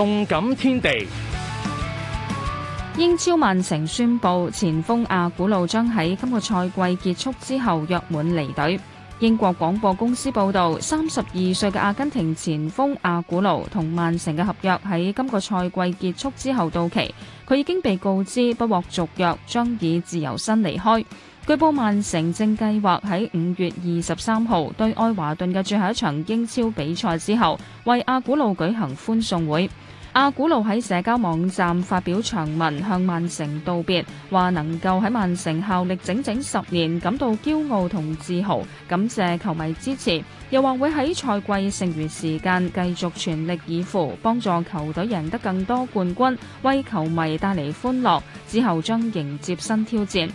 動感天地。英超曼城宣布，前鋒阿古路將喺今個賽季結束之後約滿離隊。英國廣播公司報道，三十二歲嘅阿根廷前鋒阿古路同曼城嘅合約喺今個賽季結束之後到期，佢已經被告知不獲續約，將以自由身離開。據報，曼城正計劃喺五月二十三號對愛華頓嘅最後一場英超比賽之後，為阿古路舉行歡送會。阿古路喺社交網站發表長文向曼城道別，話能夠喺曼城效力整整十年，感到驕傲同自豪，感謝球迷支持，又話會喺賽季剩餘時間繼續全力以赴，幫助球隊贏得更多冠軍，為球迷帶嚟歡樂。之後將迎接新挑戰。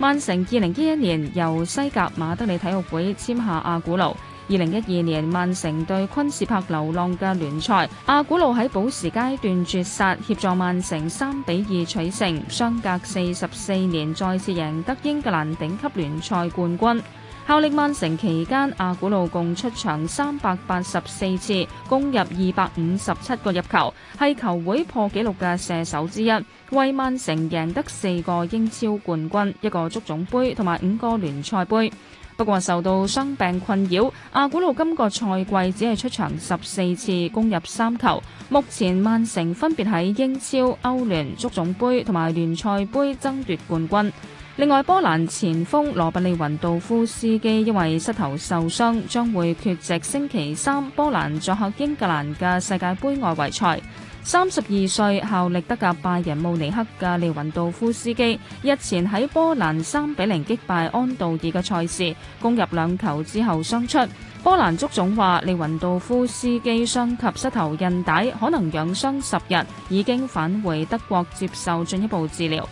曼城二零一一年由西甲馬德里體育會簽下阿古路，二零一二年曼城對昆士柏流浪嘅聯賽，阿古路喺補時階段絕殺，協助曼城三比二取勝，相隔四十四年再次贏得英格蘭頂級聯賽冠軍。效力曼城期間，阿古路共出場三百八十四次，攻入二百五十七個入球，係球會破紀錄嘅射手之一，為曼城贏得四個英超冠軍、一個足總杯同埋五個聯賽杯。不過受到傷病困擾，阿古路今個賽季只係出場十四次，攻入三球。目前曼城分別喺英超、歐聯、足總杯同埋聯賽杯爭奪冠軍。另外，波蘭前鋒羅伯利雲道夫斯基因為膝頭受傷，將會缺席星期三波蘭作客英格蘭嘅世界盃外圍賽。三十二歲效力德甲拜仁慕尼黑嘅利雲道夫斯基，日前喺波蘭三比零擊敗安道爾嘅賽事攻入兩球之後傷出。波蘭足總話：利雲道夫斯基傷及膝頭韌帶，可能養傷十日，已經返回德國接受進一步治療。